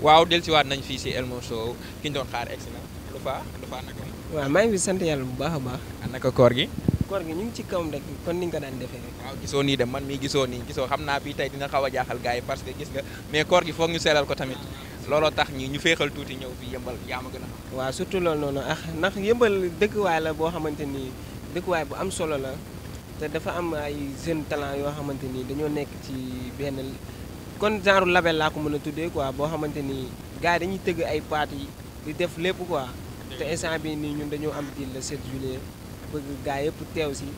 waaw dellusiwaat nañ fii si Elmo Show ki ñu doon xaar egg si na lu fa lu fa naka waaw maa ngi sant yàlla bu baax a baax. Ah, naka koor gi. koor gi ñu ngi ci kawam rek kon ni nga ko daan defee rek. waaw gisoo nii de man mii gisoo nii gisoo xam naa fii tey dina xaw a jaaxal gars yi parce que gis nga mais koor gi foog ñu seelal ko tamit looloo tax ñi ñu féexal tuuti ñëw fii yëmbal yaa ma gën a xam. waaw surtout loolu noonu ah ndax yëmbal dëkkuwaay la boo xamante ni dëkkuwaay bu am solo la te dafa am ay jeunes talent yoo xamante ni dañoo nekk ci benn kon genre label laa ko mën a tuddee quoi boo xamante ni gars yi dañuy tëgg ay paat yi di def lépp quoi. te instant bi nii ñun dañoo am deal le 7 juillet bëgg gars yëpp teew si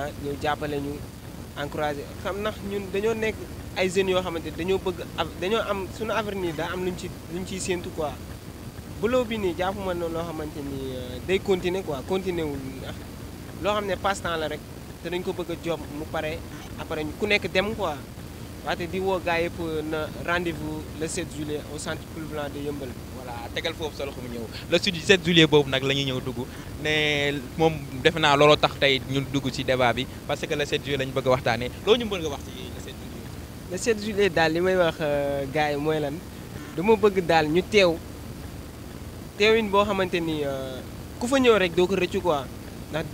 ah ñëw jàppale ñu encouragé xam ndax ñun dañoo nekk ay jeunes yoo xamante dañoo bëgg dañoo am su suñu avenir daa am luñ ci luñ ciy séentu quoi. boulot bi nii jàpp ma loo xamante ni euh, day continuer quoi continuer wul ndax loo xam ne passe temps la rek te dañ ko bëgg a job mu pare après ku nekk dem quoi. waxte di woo gars yëpp na rendez-vous le 7 juillet au centre Poule Blanc de Yëmbal. voilà tegal foofu sa loxo mu ñëw le sud 7 juillet boobu nag la ñuy ñëw dugg ne moom defe naa looloo tax tey ñu dugg ci débat bi parce que la 7 juillet lañ bëgg a waxtaanee loolu ñu mën nga wax ci le 7 juillet. le 7 juillet daal li may wax euh, gars yi mooy lan dama bëgg daal ñu teew teewin boo xamante ni euh, ku fa ñëw rek doo ko rëccu quoi ndax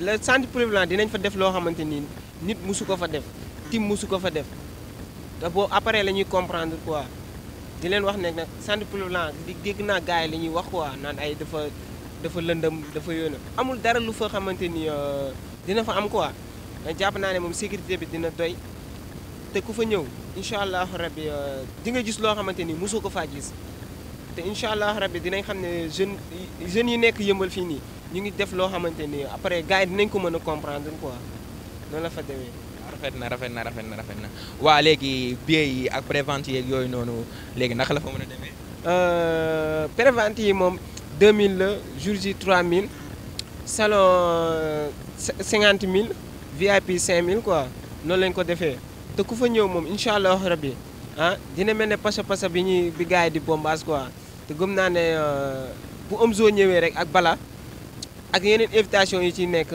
le centre Poule dinañ fa def loo xamante ni nit musu ko fa def tim musu ko fa def. te boo après la ñuy comprendre quoi di leen wax nag nag centre poullan di dégg naa gars yi la ñuy wax quoi naan ay dafa dafa lëndëm dafa yoona amul dara lu fa xamante ni euh, dina fa am quoi mais jàpp naa ne moom sécurité bi dina doy te ku fa ñëw incha allahu rabbi euh, di nga gis loo xamante ni mosoo ko faa gis te incha allahu rabbi dinañ xam ne jeune jeunes yi nekk yëmbal fii nii ñu ngi def loo xamante ni après gars yi dinañ ko mën a comprendre quoi noonu la fa demee rafet na rafet na rafet na rafet na waa léegi billets yi ak prévente yeeg yooyu noonu léegi naka la fa mën a demee. Euh, prévente yi moom deux mille la jour ji mille salon 50000 VIP 5000 quoi noonu lañ ko defee te ku fa ñëw moom incha allah rabi ah dina mel ne pasa pasa bi ñuy bi gars yi di bombage quoi te gëm naa ne euh, bu Omzo ñëwee rek ak bala ak yeneen invitation yi ci nekk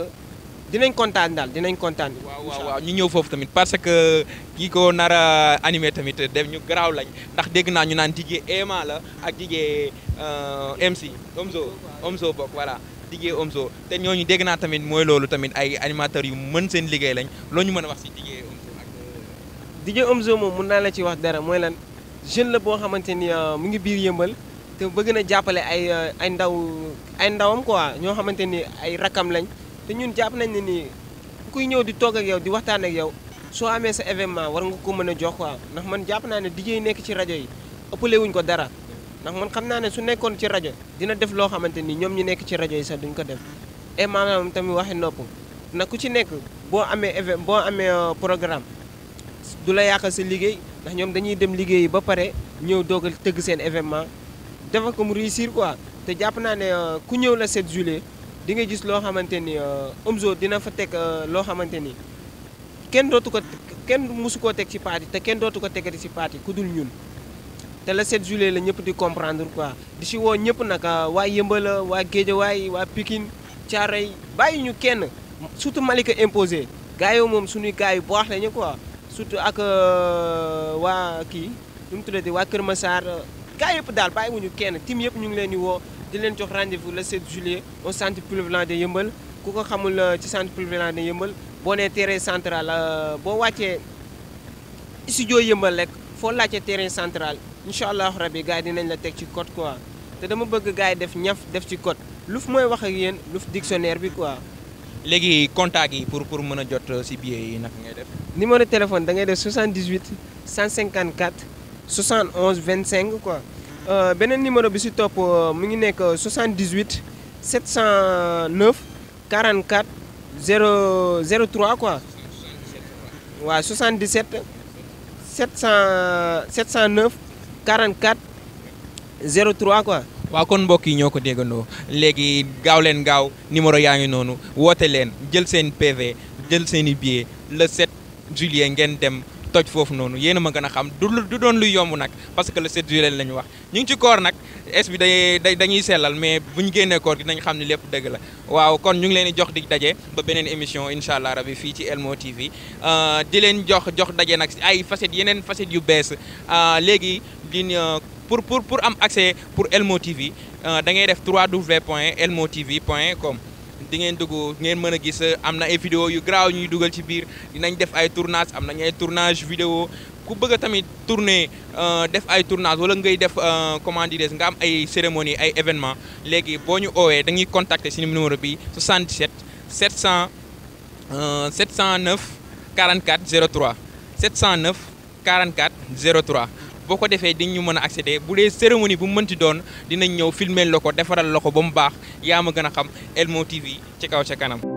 dinañ kontaan daal dinañ kontaan. waaw waaw ñu ñëw foofu tamit parce que kii ko nar a animé tamit dem ñu garaaw lañ ndax dégg naa ñu naan DJ Ema la ak DJ euh, MC Omzo Omzo bokk voilà DJ Omzo te ñooñu dégg naa tamit mooy loolu tamit ay animateur yu mën seen liggéey lañ loo ñu mën a wax si DJ euh, Omzo moom mun naa la ci wax dara mooy lan jeune la boo xamante ni euh, mu ngi biir yëmbal te bëgg na jàppale ay ay ndaw ay ndawam quoi ñoo xamante ni ay rakam lañ. te ñun jàpp nañ ne nii kuy ñëw di toog ak yow di waxtaan ak yow soo amee sa événement war nga ko mën a jox quoi ndax man jàpp naa ne DJ nekk ci rajo yi ëppale wuñ ko dara ndax man xam naa ne su nekkoon ci rajo dina def loo xamante ni ñoom ñu nekk ci rajo yi sax duñ ko def e maanaam tamit waxi nopp na ku ci nekk boo amee événement boo amee euh, programme du la yàqal sa liggéey ndax ñoom dañuy dem liggéey ba pare ñëw doog a tëgg seen événement dafa ko mu réussir quoi te jàpp naa ne euh, ku ñëw la 7 juillet di nga gis loo xamante ni euh, Omzo dina fa teg euh, loo xamante ni kenn dootu ko kenn mosu koo teg ci paat yi te kenn dootu ko tegati ci paat ku dul ñun te la 7 juillet la ñëpp di comprendre quoi di si woo ñëpp nag euh, waa Yëmbala waa Géejawaay waa Pikine Thiaroye bàyyi ñu kenn surtout Malika imposé gars yi moom suñuy gars yu baax lañu ko surtout ak waa kii nu mu di waa Kër Massar gars yëpp daal bàyyi wuñu kenn tim yëpp ñu ngi leen di woo di leen jox rendez-vous le 7 juillet au centre polyvalent de Yeumbeul ku ko xamul euh, ci centre polyvalent de Yeumbeul boo nee terrain central euh, boo wàccee studio Yeumbeul rek foo laajte terrain central incha allah rabi gars yi dinañ la teg ci cote quoi te dama bëgg gars yi def ñaf def ci code lu fu mooy wax ak yéen lu fu dictionnaire bi quoi. léegi contact yi pour pour mën a jot euh, si billet yi naka ngay def. numéro téléphone da ngay def 78 154 71 25 quoi. Euh, beneen numéro bi si topp euh, mu ngi nekk 78 709 44 0 03 quoi waaw 77 700 709 44 03 quoi. waa kon mbokk yi ñoo ko déggandoo léegi gaaw leen gaaw numéro yaa ngi noonu woote leen jël seen PV jël seen i billet le 7 juillet ngeen dem. toj foofu noonu yéen a ma gën a xam du du doon luy yomb nag parce que le 7 juillet la ñu wax ñu ngi ci koor nag es bi day dañuy sellal mais bu ñu génnee koor gi dañ xam ni lépp dëgg la waaw kon ñu ngi leen di jox di daje ba beneen émission incha allah rabi fii ci Elmo TV euh, di leen jox jox daje nag ay facettes yeneen facettes yu bees euh, léegi di euh, pour pour pour am accès pour Elmo TV ngay def 3w point elmotv point com di ngeen dugg ngeen mën a gis am na ay vidéo yu graaw ñuy dugal ci biir dinañ def ay tournage am nañ ay tournage vidéo ku bëgg a tamit tourner euh, def ay tournage wala ngay def euh, comment dirais nga am ay cérémonie ay événement léegi boo ñu oowee dañuy contacter suñu numéro bi 77 700 euh, 709 44 03 709 44 03 boo ko defee di ñu mën a accéder bu dee cérémonie bu mu mënti doon dinañ ñëw filmer na ko defaral la ko ba mu baax yaa ma gën a xam Elmo yi ci kaw ca kanam.